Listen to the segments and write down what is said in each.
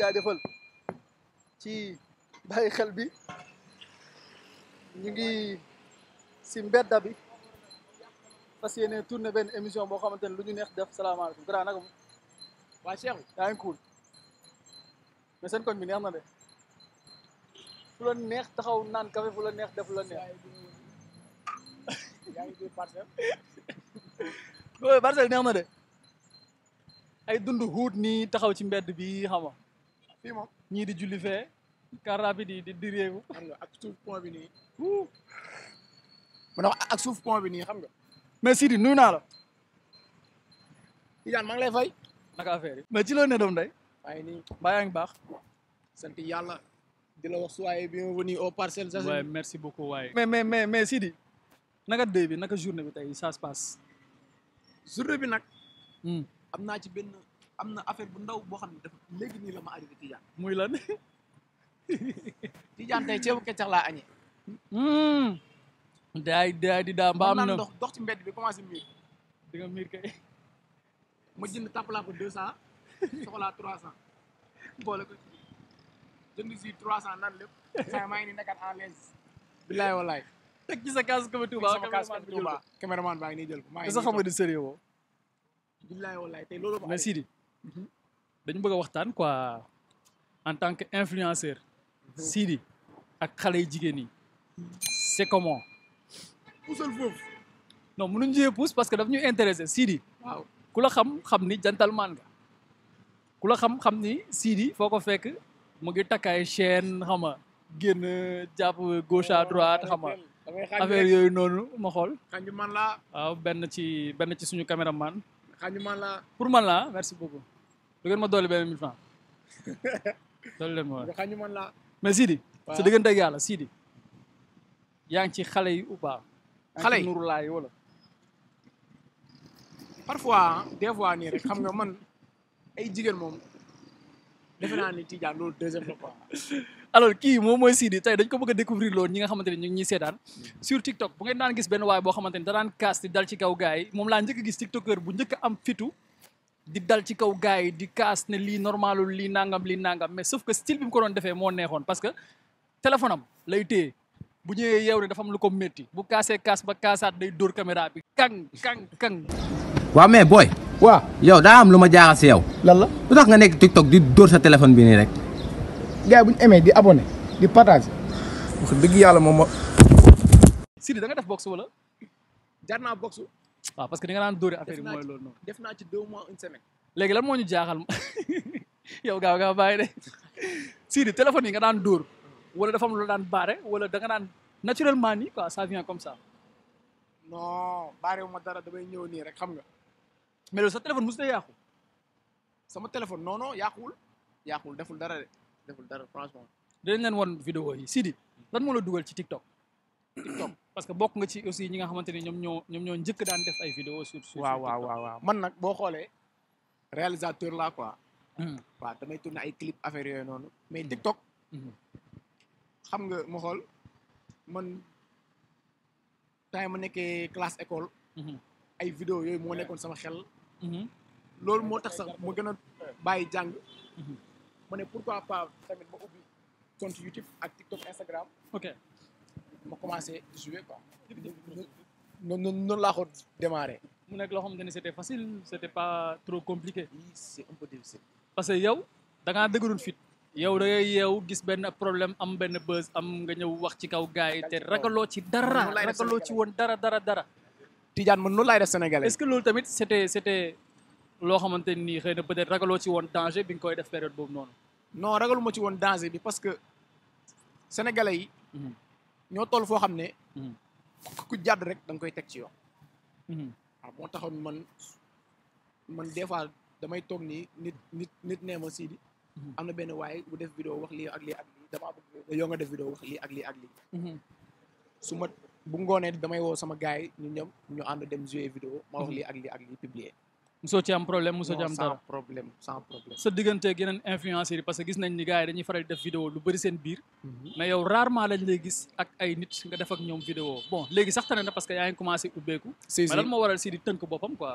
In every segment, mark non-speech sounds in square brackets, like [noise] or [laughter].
jaajëfal ci bàyyi xel bi ñu ngi si mbedda bi fas yéene tourné benn émission boo xamante ne lu ñu neex def salaamaaleykum grand naka moom waa Cheikh yaa ngi cool mais seen koñ bi neex na de fu la neex taxaw naan café fu la neex def fu la neex yaa [laughs] neex na de ay dund xuut nii taxaw ci mbedd bi xam fii moom ñii di julli fee car rapide di diréeku xam nga ak suuf pont bi nii mu ne ak suuf bi nii xam nga mais Sidi nuyu naa la Tidiane maa ngi lay fay naka affaire mais ci loo ne doom day maa ngi baax sant yàlla di la wax suwaaye bienvenue au Parcelles Assainies waaye merci beaucoup waaye mais mais mais mais Sidi naka dëy bi naka journée bi tey ça se passe journée bi nag hmm. am naa ci benn am na affaire bu ndaw boo xam ne dafa léegi nii la ma arrivé Tidiane. muy lan [laughs] Tidiane tey ceebu keccax laa añee. Hmm. daay daay di daa mbaam na dox ci mbedd bi commencé miir. di nga miir kay. ma jënd tàppalaa ko deux cent trois cent boole ko jënd si trois cent naan lépp. saa maa ngi nii nekkaat en l'aise. bilaay walaay. teg ci sa kaas Café maa ngi nii sax xam nga Mhm. dañu bëgg a waxtaan quoi en tant que influenceur. Mhm. Sidi ak xale yu jigéen yi c'est comment. puusal foofu. non mënuñ jiyee puus parce que daf ñu intéressé Sidi. ku la xam xam ni gentleman nga. ku la xam xam ni Sidi foo ko fekk mu ngi takkaay chaîne xam génn jàpp gauche à oh, droite xam affaire yooyu noonu ma xool. xanju la benn ci benn ci suñu caméraman. pour man la merci beaucoup. lu ngeen ma dolli benn mille francs [laughs] dolli leen ma waay mais Sidi. waaw sa diggante ak yàlla Sidi. yaa ngi ci xale yi ou pas. xale yi nuru laay wala. parfois des fois nii rek xam nga man ay jigéen moom defe naa ni Tidjane loolu deuxième fois. [laughs] alors kii moom mooy Sidy tey dañ ko bëgg a découvrir loolu ñi nga xamante ne ñu ngi ñuy seetaan sur TikTok bu ngeen daan gis benn waay boo xamante ne daan kaas di dal ci kaw gars laa njëkk gis TikToker bu di dal ci kaw gars yi di kaas ne lii normalul lii nangam li nangam mais sauf que style bi mu ko doon defee moo neexoon parce que téléphone lay téye bu ñëwee yeew ne dafa am lu ko metti bu kaasee kaas ba kaasaat day door caméra bi kang kang kang waa mais booy waaw yow daa am lu ma jaaxal si yow lan la lu tax nga nekk TikTok di dóor sa téléphone bi nii rek gars yi bu ñu aimé di abonné di partager wax dëgg yàlla moom ma. Sidi da nga def box wala. jaar naa boxe. waaw parce que di nga naan dóore affaire yi mooy loolu noonu. def naa ci deux mois une semaine. léegi lan moo ñu jaaxal [laughs] yow gaa gaaw bàyyi de Sidi téléphone yi nga daan dóor wala dafa am lu daan baare wala danga nga daan naturellement nii quoi sa vient comme sa non baare wu ma dara damay ñëw nii rek xam nga. mais loolu sa téléphone mosut a yàqu. sama téléphone non non yàquwul yàquwul deful dara de. deful dara franchement. dinañ leen wan vidéo yi Sidi lan moo la dugal ci TikTok. TikTok parce que bokk nga ci aussi ñi nga xamante ni ñoom ñoo ñoom ñoo njëkk daan def ay vidéo sur sur waaw waaw waaw man nag boo xoolee réalisateur laa quoi. Hmm. waaw damay tourner ay clip affaire yooyu noonu mais hmm. TikTok. Hmm. xam nga moo xool man temps ma nekkee classe école. ay vidéo yooyu moo nekkoon sama xel. loolu moo tax sax moo gën a bàyyi jàng. ma ne pourquoi pas tamit ma ubbi compte YouTube ak TikTok commencé jouer quoi. noonu noonu laa mu nekk loo xamante ni c'était facile c'était pas trop compliqué. oui c'est parce que yow dangaa ngaa dëgërul fit. yow da ngay yeew gis benn problème am benn buzz am nga ñëw wax ci kaw gars yi te ragaloo ci dara ragaloo ci woon dara dara dara. Tidiane man noonu laay def sénégalais. est-ce que loolu tamit c'était c'était. loo xamante nii xëy na peut-être ragaloo ci woon danger bi nga koy def période boobu noonu. non ragaluma ci woon danger bi parce que sénégalais yi. Mhm. ñoo toll foo xam ne. Mhm. ku jàdd rek danga koy teg ci yoon. waaw mhm. ah, moo taxoon man man des fois damay toog nii nit nit nit nee ma Sidi. am na benn waaye bu def vidéo wax lii ak lii ak lii damaa def vidéo wax ak lii ak lii. su ma bu ngoonee damay woo sama gars yi ñu ñëw ñu ànd dem jouer vidéo ma wax lii ak lii ak lii publier. musoo ci am problème musoo ci am dara sans problème sans problème. sa digganteeg yeneen influenceurs yi parce que gis nañ ni gars yi dañuy def vidéo lu bëri seen biir. Mhm. mais yow rarement lañ lay ak ay nit nga def ñoom vidéo léegi sax tane na parce que yaa ngi commencé ubbeeku. si mais waral Sidi tënk boppam quoi.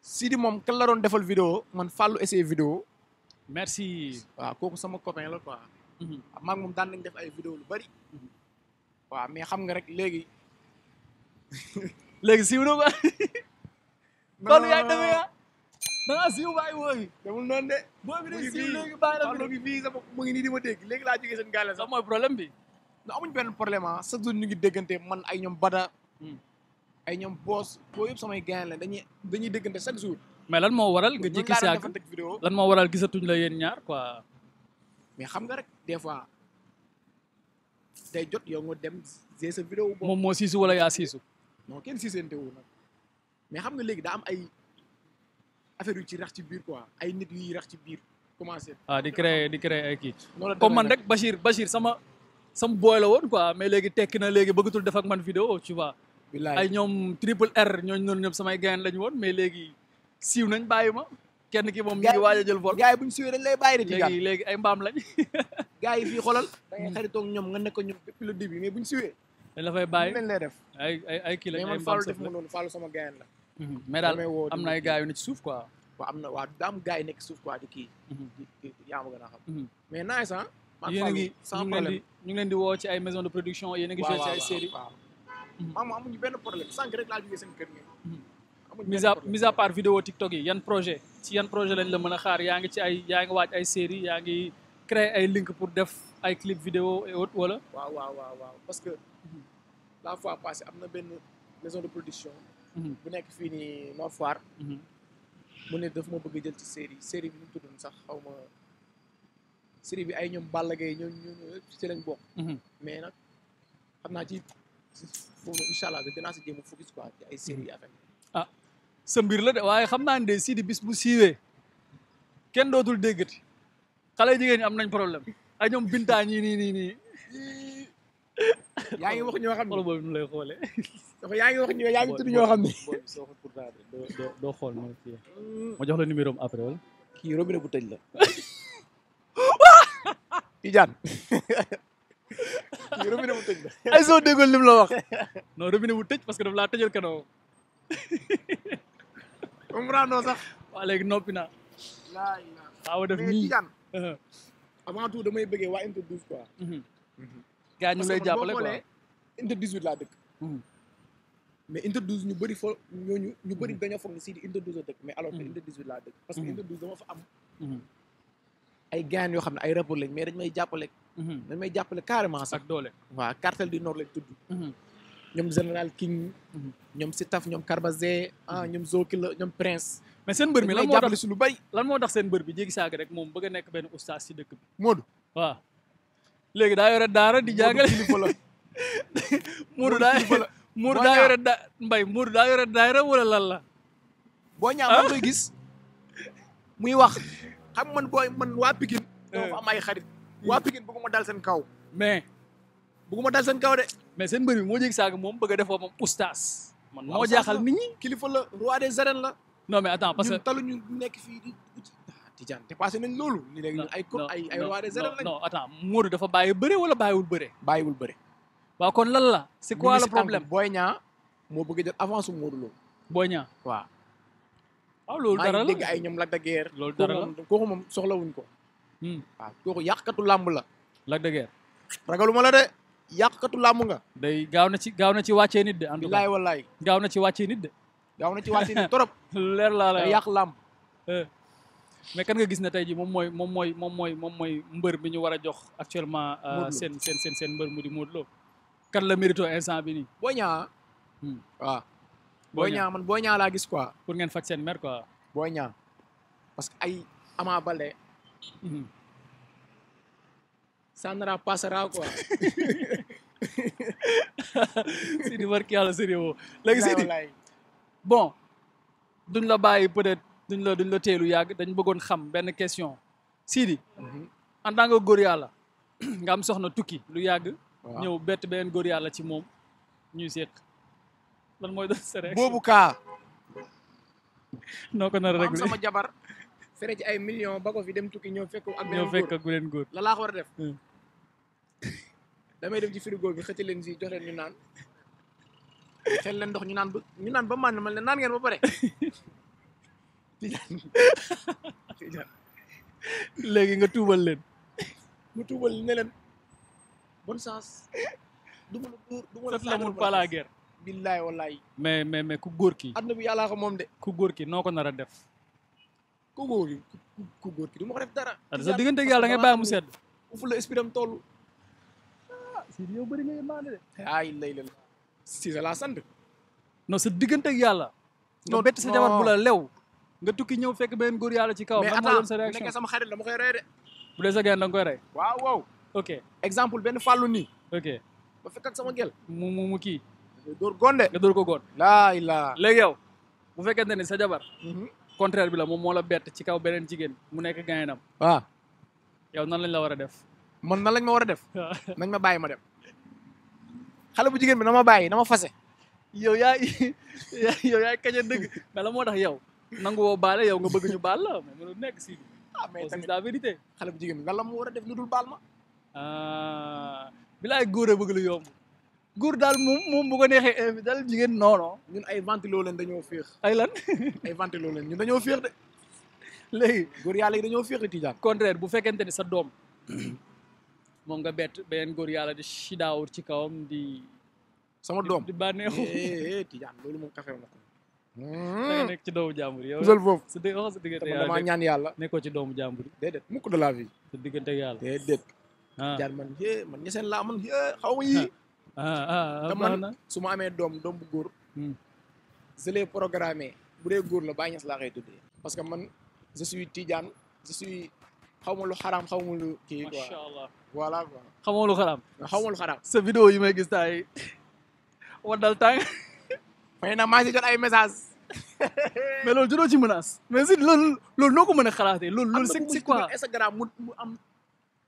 Sidi moom kan la doon defal vidéo man Fallou essayé vidéo. merci. waaw kooku sama copain la quoi. Mhm. Ah, maag moom daan nañ def ay vidéo lu bëri. Mhm. waaw mais xam nga rek léegi. [laughs] siiw na quoi. [laughs] kon yaay demee ah. da ngaa siiw ay wooyi. demul noonu boo bi de siiw léegi bàyyi la nii di ma dégg léegi laa jógee seen gaale sax problème bi. non amuñ benn problème ah chaque jour ñu ngi man hmm. ay ñoom Bada. ay ñoom Boos boo yëpp samay dañuy dañuy déggante chaque jour. mais lan moo waral nga jékki si ak lan moo waral gisatuñ la yéen ñaar quoi. mais xam nga rek des fois day jot yow nga dem. gis sa vidéo boobu moom moo siisu wala yaa siisu. non kenn siisante wu nag. mais xam nga léegi daa am ay affaire yu ci rax ci biir quoi ay nit yuy rax ci biir commencé. Ah, di créer di créer ay kii. comme man rek Bachir Bachir sama sama booy la woon quoi mais léegi tekki na léegi bëggatul def ak man vidéo tu vois. ay ñoom triple R ñooñu noonu ñoom samay gayan lañu woon mais léegi siiw nañ bàyyi ma. kenn ki moom mi ngi jël vol gars yi bu ñu suwee dañ lay bàyyi rek ay mbaam lañ [laughs] gars yi fii xoolal hmm. da ngay xaritoog ñoom nga nekk ñoom début mais bu ñu suwee bàyyi dañ lay def ay ay ay kii lañ ay mbaam sax mais man sama gayan la Mm-hmm. mais daal am na ay gars yu ne ci suuf quoi. waaw na waaw am gars yi nekk suuf quoi di kii. Mm-hmm. yaa ma gën a xam. Mm-hmm. mais nice ah. yéen a ngi sans ñu ngi di woo ci ay maison de production yéen a ngi joué ay série maam amuñu benn problème sànq laa jógee seen kër gi. amuñu benn problème mise à part vidéo TikTok yi yan projet ci yan projet lañ la mën a xaar yaa ngi ci ay yaa ngi waaj ay série yaa ngi créer ay link pour def ay clip vidéo et wala. waaw waaw parce que la fois passée am na benn maison de production. Mm-hmm. bu nekk fii nii Nord Foire. Mm-hmm. mu ne daf ma bëgg a jël ci série série bi ñu tuddoon sax xaw ma série bi ay ñoom Balla Gaye ñoo ñoo ci lañ bokk. Mm-hmm. mais nag xam naa ci foofu incha allah dinaa si jéem a focus ay série affaire ah sa mbir la de waaye xam naa ne de Sidy bis bu siiwee kenn dootul déggati xale jigéen ñi am nañ problème ay ñoom Binta ñii nii nii. yaa ngi wax ñoo xam ne xool boobu nu yaa ngi wax ñoo xam ne. soo xool ma fii. ma jox la après wala. kii bu tëj la. [laughs] Tidiane. kii robinet bu tëj la. ay soo déggoon lim la wax. non robinet bu tëj parce que daf laa tëjal kanam. comprendre sax. waa léegi noppi naa. waaw def nii mais Tidiane. Uh-huh. avant tout damay gars ñu ngi lay jàppale quoi parce que inter 18 laa dëkk. Hmm. mais inter 12 ñu bëri fo ñooñu ñu bëri dañoo hmm. foog ne Sidi inter 12 mais alors que hmm. inter 18 laa dëkk. parce que inter 12 dama fa yoo xam ne ay rapport lañ mais dañ may jàppale. dañ may jàppale carrément sax. doole waaw cartel du nord lañ tudd. ñoom général King. ñoom Sitaf ñoom Carbazé ah ñoom Zokila ñoom Prince. mais seen mbër mi lan moo tax lu bay. lan moo tax seen mbër bi jéggi saaga rek moom bëgg nekk benn oustaz si dëkk bi. Modou waaw. léegi daa yore daara di jàngale [laughs] Moodu daa [laughs] Moodu daa yore da mbay Moodu daa yore daara wala lan la boo ñaa man koy ah? gis muy wax xam man booy man waa Pikin eh. dafa am ay xarit waa Pikin bëgguma dal seen kaw mais bëgguma dal seen kaw de mais seen mbër bi moo jég saaga moom bëgg a defoo moom oustaz man moo jaaxal nit ñi kilifa la roi des la non mais attends parce que talu nekk Tidiane dépassé nañ loolu. li léegi ñun ay ko ay ay roi des arènes lañ. non dafa bàyyi bëre wala bàyyiwul bëre. bëre. waaw kon lan la. c'est quoi le problème Boy Niang moo bëgg a jël avance su Modou Lo. Boy Niang waaw. Ah, loolu dara la ay ñoom Lac de Guiers. la kooku moom soxlawuñ ko. Hmm. waaw yàqkatu làmb la. Lac de Guiers. ragaluma la de. yàqkatu làmb nga. day gaaw na ci gaaw na ci wàccee nit de. en tout gaaw na ci wàccee nit de. gaaw na ci wàccee nit trop. [laughs] leer laa la yàq làmb. Eh. mais kan nga gis na tey jii moom mooy moom mooy moom mooy moom mooy mbër bi ñu war a jox actuellement. Euh, seen seen seen seen mbër mu di Modou Lo. kan la mérito instant bi ni Boy Niang hmm. waaw. Boy man Boy Niang gis quoi. pour ngeen faj seen mer quoi. Boy Niang parce que ay Ama Baldé. Sandra hmm. passera quoi. [laughs] Sidi barki yàlla sérieux léegi Sidi bon duñ la peut-être. duñ la duñ la teelu yàgg dañ bëggoon xam benn question Sidi mhm. en tant que góor yàlla [clears throat] nga am soxna tukki lu yàgg ñëw bett beneen góor yàlla ci moom ñuy seq lan mooy doon sa boobu kaa noo ko nar a régler sama jabar [laughs] fere ci ay million ba fi dem tukki ñëw fekk ak ñëw fekk ak beneen góor war a def hmm. [laughs] damay dem ci frigo bi xëcc leen si jox leen ñu naan xel leen ndox ñu naan ba ñu naan ba man ma leen naan ngeen ba pare [laughs] [laughs] léegi nga tuubal leen mu tuubal ne leen bonne chance du ma la dóor du ma la lamul pas la guerre mais mais mais ku góor ki àdduna bu yàllaa ko moom de ku góor ki noo ko nar a def ku góor ki ku góor ki du ma ko def dara sa diggante ak yàlla da ngay mu sedd ufu la espiram toll ah yow bëri nga yërmande de ay lay la si sa laa sant no sa diggante yàlla non bett sa jabar bu lew nga tukki ñëw fekk benn góor yàlla ci kaw. mais attends bu nekkee sama xarit la ma koy rey de. bu dee sa gën da koy rey. waaw waaw. ok exemple benn fàllu nii. ok ba fekk ak sama gel. mu mu mu kii. dóor góon de. nga dóor ko góon. laa ilaa. léegi yow bu fekkente ni sa jabar. Mhm. contraire bi la moom moo la ci kaw beneen jigéen mu nekk gaynam. waaw. Ah. yow nan lañ la war a def. man na lañ ma war a def. [laughs] Ah. nañ ma bàyyi ma dem. xale bu jigéen bi na ma bàyyi na ma fase. yow yaay [laughs] yow yaay moo tax yow. nangu woo baale yow nga bëgg ñu baal la mais mënul nekk si. ah mais tamit la vérité. xale bu jigéen bi lan la mu war a def lu dul baal ma. ah bilaay góor a bëgg lu yomb. daal moom bu ko neexee invité jigéen non ñun ay ventilo leen dañoo féex. ay lan ay ventilo leen dañoo féex de. léegi yi dañoo féex de Tijaan. contraire bu fekkente ni sa doom. [clears throat] moom nga bett beneen góor yàlla di si daawur ci kawam di. sama doom di bànneexu. Eh, eh, Tijaan loolu moom da hmm. nekk ci doomu jàmbur yow. musal foofu su dee wax sa diggante yàlla damaa ñaan yàlla. nekkoo ci doomu jàmbur yi. déedéet mukk de la vie. sa diggante yàlla déedéet. Ah. jaar man yee man ñeseen laa man yee xaw ma yii. Ah, ah, man su ma amee doom doom bu góor. Hmm. je l'ai programmé góor la Baye Niass laa koy tuddee. parce que man je tiijaan Tidiane je ma lu xaram xaw ma lu kii quoi macha xaw ma lu xaraam. xaw ma sa vidéo yi may gis taay [laughs] wadal fay na maa ngi jot ay message [laughs] mais loolu jotoo ci menace. mais si loolu noo ko mën a xalaatee. loolu loolu c'est c'est quoi Instagram mu am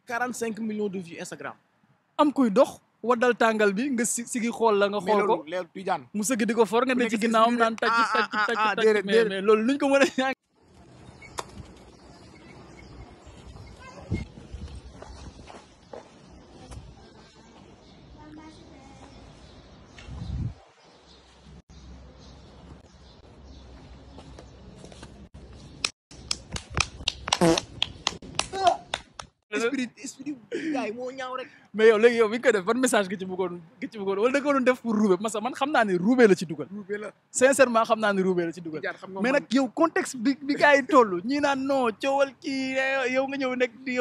45 millions de vues Instagram. am kuy dox. waddal tàngal bi nga si sigi xool la nga xool ko mu sëgg di ko for nga ne ci ginnaawam naan tàcc ah, tàcc ah, tàcc ah, mais loolu luñ ko mën a esprit esprit gars yi [laughs] moo ñaaw rek. mais yow léegi yow bi nga koy def ban message nga ci bëggoon nga ci bëggoon wala da nga ko doon def pour roubé parce que man xam naa ne roubé la xam naa ne roubé la ci nag yow contexte bi bi gars yi toll ñii eh, yow nga ñëw nekk di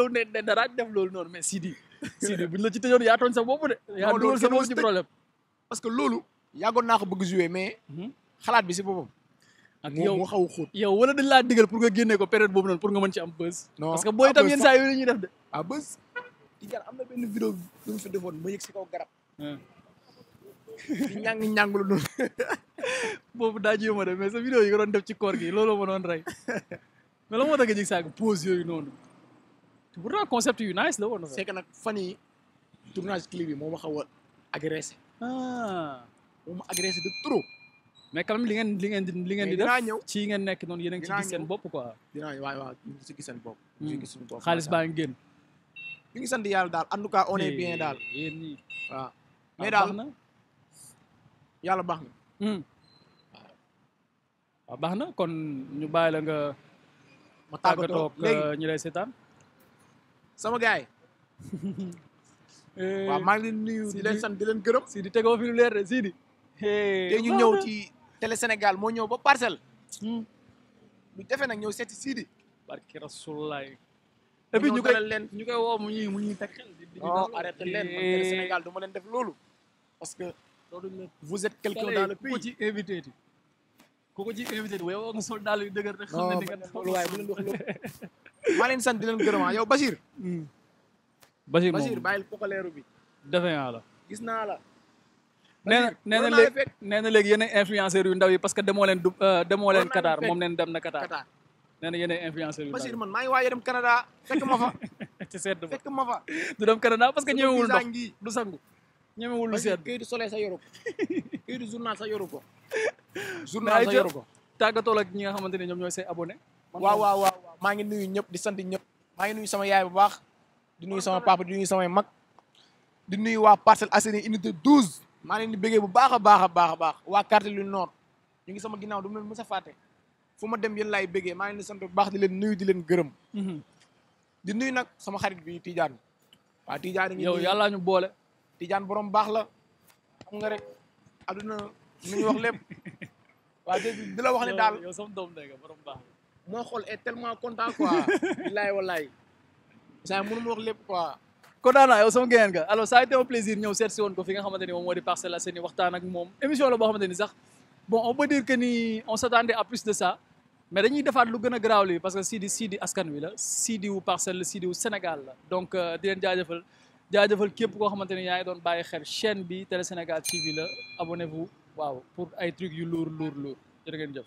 def loolu noonu mais Sidi. Sidi buñ la ci tëjoon yaa tooñ sa bopp de. yaa dugal sa bopp ci problème. parce que loolu. yàggoon naa ko bëgg jouer mais hmm? xalaat bi si boppam ak yow xaw xóot yow wala dañ laa digal pour nga génne ko période boobu noonu pour nga mën ci am buzz. non parce que booy itam yenn saa def de. ah buzz. di jar am na benn vidéo bu mu fi defoon ma yëg si kaw garab. Ah. [laughs] di ñàng ñàngul noonu. [laughs] boobu daa de mais sa vidéo yi nga doon def ci koor gi looloo ma doon rey [laughs] mais la moo tax nga jëg saako pause yooyu noonu. te pourtant concept yu nice la woon. c'est que nag fan yi tournage clip yi moo ma xaw a agressé. Ah. moo de mais quand même li ngeen li ngeen di li ngeen di def ci ngeen nekk noonu yéen a ngi ci gis seen bopp quoi. seen bopp. ñu ngi hmm. gis suñu bopp xaalis baa ngi génn. ngi sant yàlla daal en tout cas on est bien eh, daal. yéen ñii waaw. Ah, mais daal yàlla baax na. waaw hmm. ah, baax na kon ñu bàyyi la nga. ma tàggatoo léegi euh, ñu lay seetaan. sama gars yi. [laughs] Eh, waaw maa ngi leen nuyu di leen di leen gërëm. Sidi tegoo fi lu leer de Sidi. Eh, ñu ñëw ci. télé Sénégal moo ñëw ba parcelle. Hmm. lu jafe nag ñëw seeti Sidi. barke Rasulullah. et puis ñu koy ñu koy woo mu ñuy mu ñuy teg xel. non oh, leen man eh. télé du ma leen def loolu. parce que loolu vous êtes quelqu'un dans le pays ku ko ci invité ti ku ko ci invité ti sol daal yu dëgër rek. xam ne di nga xool waaye bu leen wax loolu. [laughs] maa leen sant di leen gërëmaa yow hmm. Bachir. Bachir moom bi. defe naa la. gis nee na nee na léegi nee na léegi yéen ay influenceurs yu ndaw yi parce que demoo leen du euh, demoo leen Qatar moom neen dem na Qatar nee na yéen ay influenceurs yu ndaw yi man maa ngi waaj a dem Canada fekk ma fa [laughs] ci sedd ba fekk ma fa [laughs] du dem Canada parce que ñëwewul ndox du sangu ñëwewul lu sedd këyitu soleil sa yoru ko [laughs] këyitu journal sa yoru ko journal sa yoru ko tàggatool ak ñi nga xamante ne ñoom ñooy say abonné waaw waaw waaw maa ngi nuyu ñëpp di sant ñëpp maa ngi nuyu sama yaay bu baax di nuyu sama papa di nuyu samay mag di nuyu waa Parcelles Assainies unité 12 maa leen di bëggee bu baax a baax a baax a baax waa quartier du nord ñu ngi sama ginaaw du ma leen mës a fàtte ma dem yéen laay bëggee maa leen di sant bu baax di leen nuyu di leen gërëm mhm. di nuyu nag sama xarit bi tiijaan waaw Tidiane ngi yow yàlla ñu boole Tidiane borom baax la xam nga rek adduna nu di la wax ne daal yow sama doom nga borom baax moo xool est tellement content quoi [laughs] bilaay walaay saa mënu wax lépp quoi Codana yow sama gayeen nga alors ça a été un plaisir ñëw seet si woon ko fi nga xamante ni moom moo di Parcelles Assainies waxtaan ak moom émission la boo xamante ni sax on peut dire on s'attendait à plus de ça mais dañuy defaat lu gën a garaaw lii parce que Sidi Sidi askan wi la Sidi wu Sénégal la donc euh, di leen jaajëfal jaajëfal képp koo xamante ni yaa ngi doon bàyyi xel chaine bi Télé Sénégal TV la abonnez-vous waaw pour ay trucs yu lourd luur lourd jërë ngeen jëf